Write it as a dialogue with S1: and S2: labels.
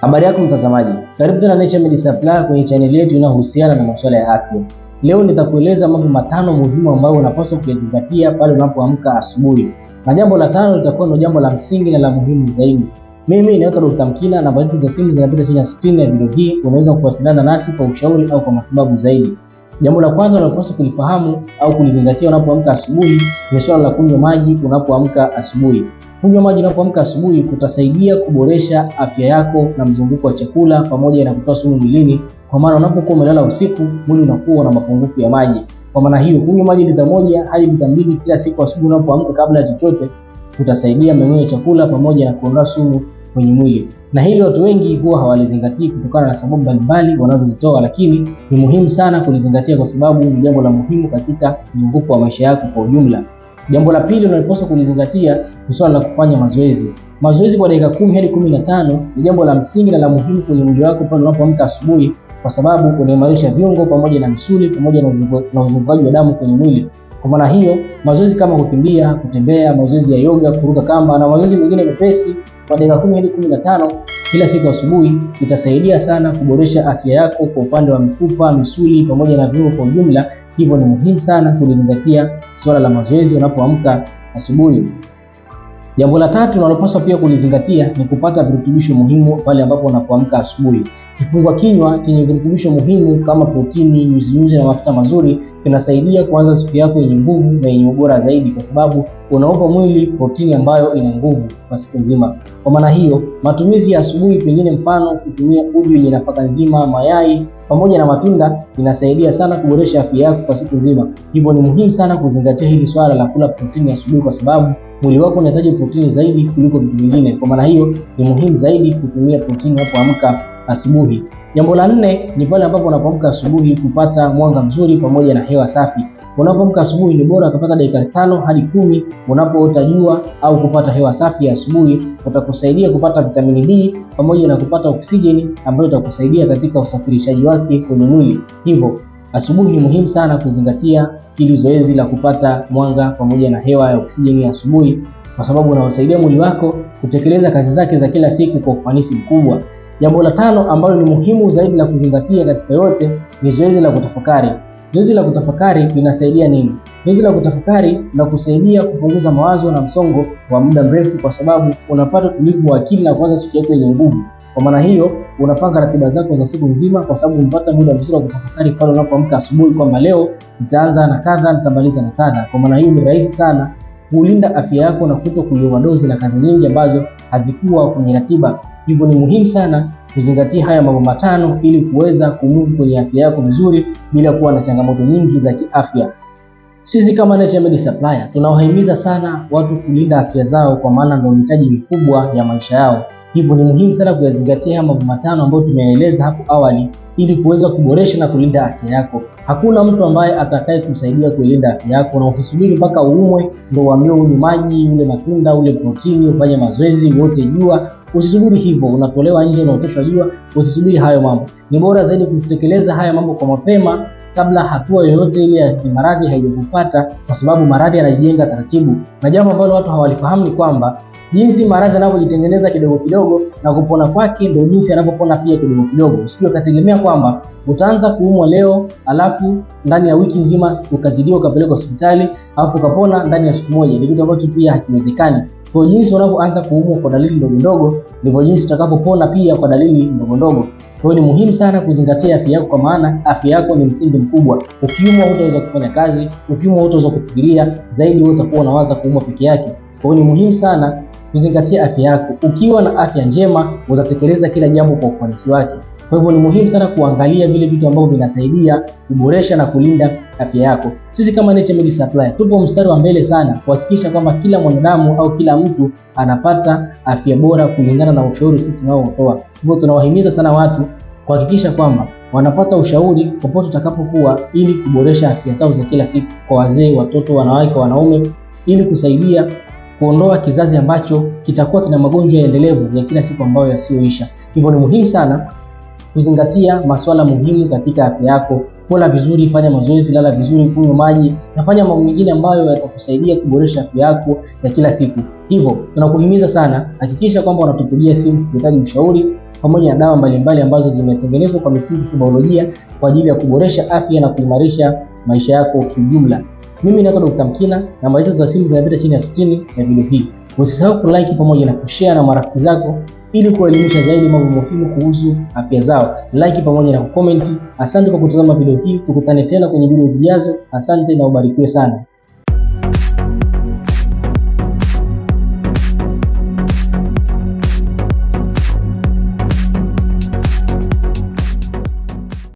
S1: Habari yako mtazamaji, karibu tena Naturemed Supplies kwenye chaneli yetu inayohusiana na masuala ya afya. Leo nitakueleza mambo matano muhimu ambayo unapaswa kuyazingatia pale unapoamka asubuhi, na jambo la tano litakuwa ndio jambo la msingi na la muhimu zaidi. Mimi naitwa Dr. Mkina, namba zetu za simu zinapita chini ya skrini ya video hii. Unaweza kuwasiliana nasi kwa ushauri au kwa matibabu zaidi. Jambo la kwanza unalopaswa kulifahamu au kulizingatia unapoamka asubuhi ni swala la kunywa maji unapoamka asubuhi. Kunywa maji unapoamka asubuhi kutasaidia kuboresha afya yako na mzunguko wa chakula pamoja na kutoa sumu mwilini, kwa maana unapokuwa umelala usiku, mwili unakuwa na mapungufu ya maji. Kwa maana hiyo, kunywa maji lita moja hadi lita mbili kila siku asubuhi unapoamka, kabla ya chochote, kutasaidia mmeng'enyo wa chakula pamoja na kuondoa sumu kwenye mwili, na hili watu wengi huwa hawalizingatii kutokana na sababu mbalimbali wanazozitoa, lakini ni muhimu sana kulizingatia kwa sababu ni jambo la muhimu katika mzunguko wa maisha yako kwa ujumla. Jambo la pili unalipaswa kulizingatia ni swala la kufanya mazoezi. Mazoezi kwa dakika kumi hadi kumi na tano ni jambo la msingi na la muhimu kwenye mwili wako pale unapoamka asubuhi, kwa sababu unaimarisha viungo pamoja na misuli pamoja na uzungukaji wa damu kwenye mwili. Kwa maana hiyo, mazoezi kama kukimbia, kutembea, mazoezi ya yoga, kuruka kamba na mazoezi mengine mepesi kwa dakika kumi hadi kumi na tano kila siku asubuhi itasaidia sana kuboresha afya yako kwa upande wa mifupa, misuli pamoja na viungo kwa ujumla. Hivyo ni muhimu sana kulizingatia suala la mazoezi unapoamka asubuhi. Jambo la tatu unalopaswa pia kulizingatia ni kupata virutubisho muhimu pale ambapo unapoamka asubuhi. Kifungua kinywa chenye virutubisho muhimu kama protini, nyuzinyuzi na mafuta mazuri kinasaidia kuanza siku yako yenye nguvu na yenye ubora zaidi, kwa sababu unaupa mwili protini ambayo ina nguvu kwa siku nzima. Kwa maana hiyo, matumizi ya asubuhi, pengine mfano kutumia uji wenye nafaka nzima, mayai pamoja na matunda, inasaidia sana kuboresha afya yako kwa siku nzima. Hivyo ni muhimu sana kuzingatia hili swala la kula protini asubuhi, kwa sababu mwili wako unahitaji protini zaidi kuliko vitu vingine. Kwa maana hiyo, ni muhimu zaidi kutumia protini unapoamka asubuhi. Jambo la nne ni pale ambapo unapoamka asubuhi kupata mwanga mzuri pamoja na hewa safi. Unapoamka asubuhi ni bora kupata dakika tano hadi kumi unapoota jua au kupata hewa safi ya asubuhi, utakusaidia kupata vitamini D pamoja na kupata oksijeni ambayo itakusaidia katika usafirishaji wake kwenye mwili. Hivyo asubuhi ni muhimu sana kuzingatia hili zoezi la kupata mwanga pamoja na hewa ya oksijeni asubuhi, kwa sababu unawasaidia mwili wako kutekeleza kazi zake za kila siku kwa ufanisi mkubwa. Jambo la tano ambalo ni muhimu zaidi la kuzingatia katika yote ni zoezi la kutafakari. Zoezi la kutafakari linasaidia nini? Zoezi la kutafakari na kusaidia kupunguza mawazo na msongo wa muda mrefu, kwa sababu unapata utulivu wa akili na kuanza siku yako yenye nguvu. Kwa maana hiyo, unapanga ratiba zako za siku nzima, kwa sababu unapata muda mzuri wa kutafakari pale unapoamka asubuhi, kwamba leo nitaanza na kadha, nitamaliza na kadha. Kwa maana hiyo, ni rahisi sana kulinda afya yako na kuto dozi na kazi nyingi ambazo hazikuwa kwenye ratiba. Hivyo ni muhimu sana kuzingatia haya mambo matano ili kuweza kumudu kwenye afya yako vizuri bila kuwa na changamoto nyingi za kiafya. Sisi kama Naturemed Supplies tunawahimiza sana watu kulinda afya zao, kwa maana ndio mitaji mikubwa ya maisha yao. Hivyo ni muhimu sana kuyazingatia haya mambo matano ambayo tumeyaeleza hapo awali ili kuweza kuboresha na kulinda afya yako. Hakuna mtu ambaye atakaye kusaidia kuilinda afya yako, na usisubiri mpaka uumwe ndio uambiwe unywe maji, ule matunda, ule protini, ufanye mazoezi, uote jua. Usisubiri hivyo, unatolewa nje, unaoteshwa jua. Usisubiri hayo mambo. Ni bora zaidi kutekeleza haya mambo kwa mapema kabla hatua yoyote ile ya kimaradhi haijakupata, kwa sababu maradhi yanajijenga taratibu, na jambo ambalo watu hawalifahamu ni kwamba jinsi maradhi yanavyojitengeneza kidogo kidogo na kupona kwake ndio jinsi yanavyopona pia kidogo kidogo. Usije ukategemea kwamba utaanza kuumwa leo alafu ndani ya wiki nzima ukazidiwa ukapelekwa hospitali alafu ukapona ndani ya siku moja. Ni kitu ambacho pia hakiwezekani. Kwa jinsi unavyoanza kuumwa kwa dalili ndogo ndogo, ndivyo jinsi utakapopona pia kwa dalili ndogo ndogo. Kwa hiyo ni muhimu sana kuzingatia afya yako, kwa maana afya yako ni msingi mkubwa. Ukiumwa hutaweza kufanya kazi, ukiumwa hutaweza kufikiria zaidi, wewe utakuwa unawaza kuumwa peke yake. Kwa hiyo ni muhimu sana kuzingatia afya yako. Ukiwa na afya njema, utatekeleza kila jambo kwa ufanisi wake. Kwa hivyo ni muhimu sana kuangalia vile vitu ambavyo vinasaidia kuboresha na kulinda afya yako. Sisi kama NatureMed Supply tupo mstari wa mbele sana kuhakikisha kwamba kila mwanadamu au kila mtu anapata afya bora kulingana na ushauri sisi tunaotoa. Hivyo tunawahimiza sana watu kuhakikisha kwamba wanapata ushauri popote utakapokuwa, ili kuboresha afya zao za kila siku, kwa wazee, watoto, wanawake, wanaume, ili kusaidia kuondoa kizazi ambacho kitakuwa kina magonjwa endelevu ya kila siku ambayo yasiyoisha. Hivyo ni muhimu sana kuzingatia masuala muhimu katika afya yako. Kula vizuri, fanya mazoezi, lala vizuri, kunywa maji na fanya mambo mengine ambayo yatakusaidia kuboresha afya yako ya kila siku. Hivyo tunakuhimiza sana, hakikisha kwamba unatupigia simu kuhitaji ushauri pamoja na dawa mbalimbali ambazo zimetengenezwa kwa misingi kibiolojia kwa ajili ya kuboresha afya na kuimarisha maisha yako kiujumla. Mimi naitwa Dr. Mkina, namba zetu za simu zinapita chini ya skrini ya video hii. Usisahau kulike pamoja na kushare na marafiki zako ili kuwaelimisha zaidi mambo muhimu kuhusu afya zao. Like pamoja na kukomenti. Asante kwa kutazama video hii, tukutane tena kwenye video zijazo. Asante na ubarikiwe sana.